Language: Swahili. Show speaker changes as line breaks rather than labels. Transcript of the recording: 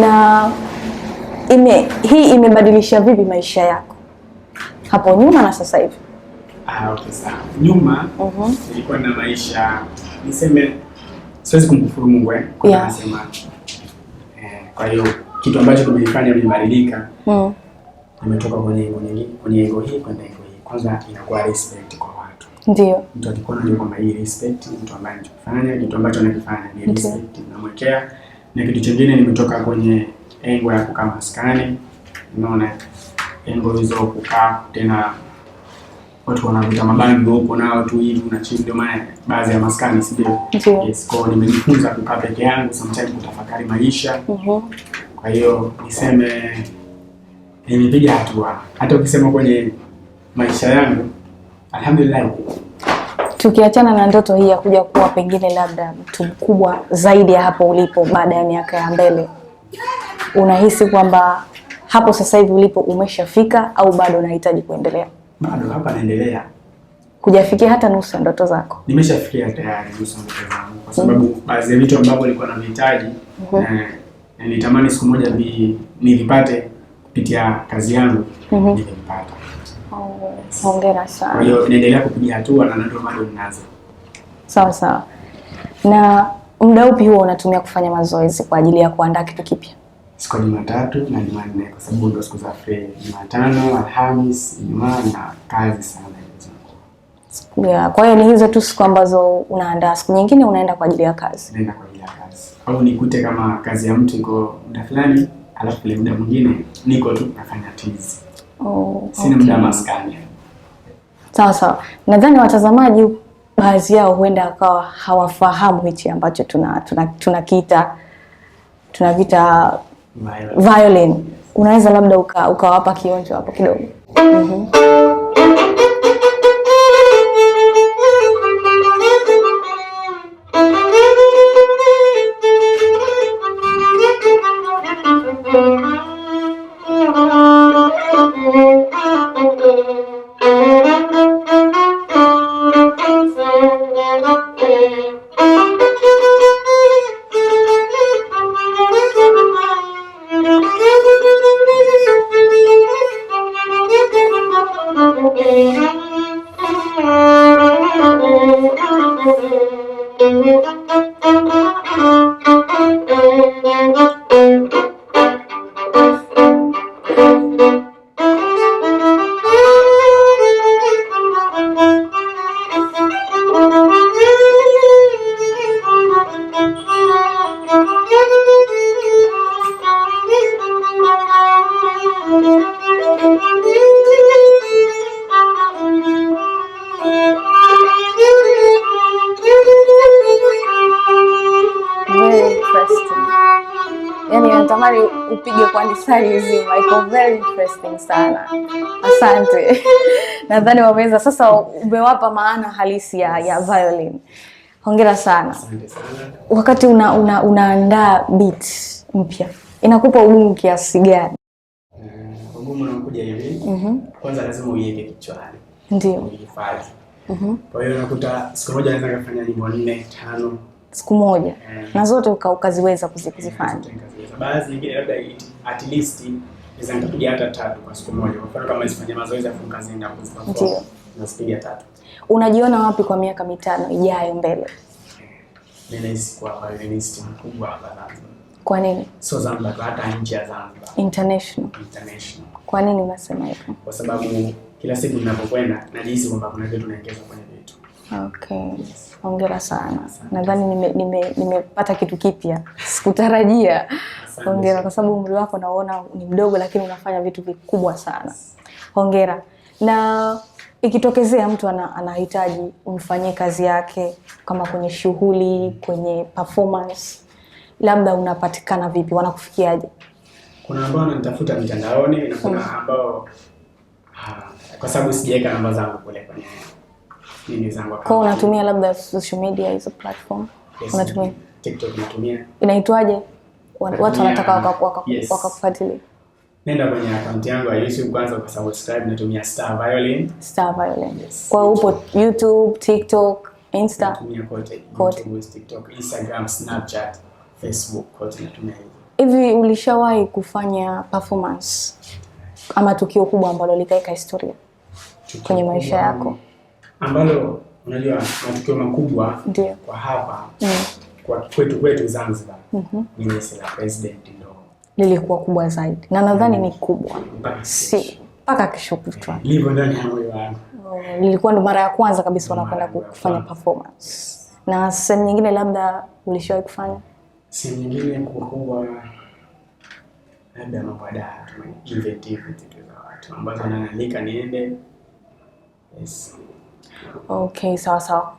na ime, hii imebadilisha vipi maisha yako hapo nyuma na sasa hivi?
Ah, okay, sawa. Nyuma nilikuwa mhm. uh-huh. na maisha niseme, siwezi kumkufuru Mungu eh, kwa yeah. Nasema eh, kwa hiyo kitu ambacho kimenifanya nimebadilika mm. Nimetoka kwenye engo nyingi, kwenye ego hii kwenda ego hii. Kwanza inakuwa respect kwa watu, ndio mtu akikuona anajua kwamba hii respect, mtu ambaye anachofanya kitu ambacho anakifanya ni respect, namwekea na kitu chingine nimetoka kwenye engo ya kukaa maskani, unaona engo hizo kukaa tena, watu wanavuta mabangi huko na watu hivi una chini, ndio maana baadhi ya maskani, si ndio? Yes, kwa nimejifunza kukaa peke yangu, sometimes kutafakari maisha. Mm-hmm. Kwa hiyo niseme nimepiga hatua, hata ukisema kwenye maisha yangu alhamdulillah
tukiachana na ndoto hii ya kuja kuwa pengine labda mtu mkubwa zaidi ya hapo ulipo baada ya miaka ya mbele, unahisi kwamba hapo sasa hivi ulipo umeshafika au bado unahitaji kuendelea?
Bado hapa naendelea
kujafikia hata nusu ya ndoto zako.
Nimeshafikia tayari nusu ya ndoto zangu, kwa sababu mm. baadhi ya vitu ambavyo nilikuwa navihitaji mm-hmm. na nilitamani siku moja nilipate kupitia kazi yangu, mm-hmm. nilipata
Hongera sana. Kwa
hiyo tunaendelea kupiga hatua na ndio bado mnaanza.
Sawa sawa. Na muda upi huo unatumia kufanya mazoezi kwa ajili ya kuandaa kitu kipya?
Siku ya Jumatatu na Jumanne kwa sababu ndio siku za free. Jumatano, Alhamis, Ijumaa na kazi sana hizo.
Siku ya. Kwa hiyo ni hizo tu siku ambazo unaandaa. Siku nyingine unaenda kwa ajili ya kazi.
Naenda kwa ajili ya kazi. Au nikute kama kazi ya mtu iko muda fulani, alafu ile muda mwingine niko tu nafanya tizi. Oh, sina maskani.
Sawa sawa, nadhani watazamaji baadhi yao huenda akawa hawafahamu hichi ambacho tunakiita tuna, tuna tunakiita violin. Unaweza labda ukawapa uka kionjo hapo kidogo. mm -hmm. Thank you. natamani upige kwa lisari zima, iko very interesting sana. Asante. Nadhani wameweza sasa, umewapa maana halisi ya, ya violin. Hongera sana. Wakati una, una, unaandaa beat mpya inakupa ugumu kiasi gani?
Ugumu eh, unakuja hivi, mhm. kwanza lazima uiweke kichwani, ndio uhifadhi. Mhm. Kwa hiyo unakuta siku moja naweza kufanya nyimbo nne tano
siku moja mm. na zote uka, ukaziweza kuzifanya.
Mm. Baadhi nyingine labda at least naweza nikapiga hata tatu kwa siku moja, kwa mfano kama zifanya mazoezi afu kazienda
kuzipa sipiga tatu. Unajiona wapi kwa miaka mitano ijayo mbele?
mimi Ninahisi kwa violinist mkubwa hapa Zanzibar. Kwa nini? Sio Zanzibar kwa hata nje ya Zanzibar.
International.
International.
Kwa nini unasema hivyo?
Kwa sababu kila siku ninapokwenda najihisi kwamba kuna kitu naongeza kwenye vitu
Okay, hongera sana. Nadhani nimepata nime, nime kitu kipya sikutarajia. Hongera kwa sababu umri wako naona ni mdogo, lakini unafanya vitu vikubwa sana. Hongera. Na ikitokezea mtu ana, anahitaji umfanyie kazi yake, kama kwenye shughuli, kwenye performance, labda unapatikana vipi? Wanakufikiaje?
Kuna ambao wananitafuta mitandaoni na kuna mm. ambao, ah, kwa sababu sijaweka namba zangu kule kwenye kwa
unatumia labda social media hizo platform?
Yes, unatumia TikTok, natumia.
Inaitwaje? Watu wanataka uh, wakakufuatilia.
Nenda kwenye akaunti yangu ya YouTube kwanza kwa ukasubscribe, natumia Star Violin.
Star Violin. Yes. Kwa upo YouTube, TikTok, Insta.
Natumia kote. Kote. TikTok, Instagram, Snapchat, Facebook, kote natumia hivyo.
Hivi ulishawahi kufanya performance ama tukio kubwa ambalo likaeka historia kwenye maisha yako?
ambalo unajua matukio makubwa Ndiyo. kwa hapa mm. kwa kwetu kwetu Zanzibar mm -hmm. ni mesi la president ndo
lilikuwa kubwa zaidi na nadhani ni kubwa si mpaka kesho kutwa eh,
livyo ndani ya moyo wangu
lilikuwa mm, ndo mara ya kwanza kabisa wanakwenda kufanya performance na sehemu nyingine labda ulishawahi kufanya
sehemu nyingine kubwa, labda mabada event hivi vitu za watu ambazo wanaalika niende
yes 오케이, 사사.